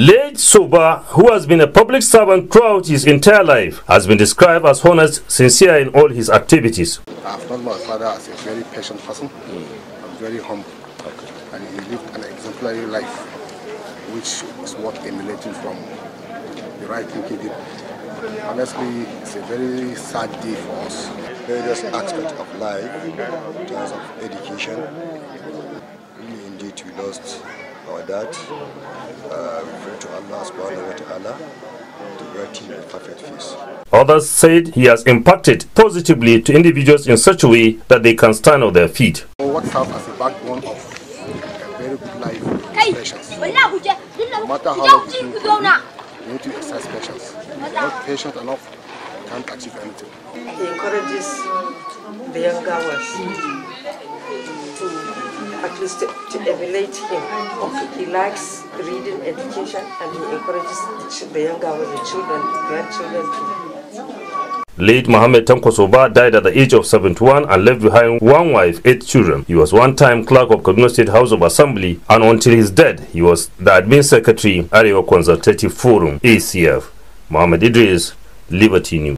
Late Soba, who has been a public servant throughout his entire life, has been described as honest, sincere in all his activities. I've known my father as a very patient person, mm. very humble, okay. and he lived an exemplary life, which is what emulating from the right thing he did. Honestly, it's a very sad day for us. Various aspects of life, in terms of education, really indeed we lost our dad. Uh, Allah subhanahu wa ta'ala to him a perfect Others said he has impacted positively to individuals in such a way that they can stand on their feet. as a backbone of a very good life No matter how long you do you need to exercise patience. Not patient enough, you can't achieve anything. He encourages the younger ones at least to, to emulate him. Okay. He likes reading education and he encourages the younger with the children, grandchildren Late Mohammed Tankosoba died at the age of 71 and left behind one wife, eight children. He was one-time clerk of Kaduna State House of Assembly and until his death, he was the admin secretary, Arewa Consultative Forum, ACF. Mohammed Idris, Liberty News.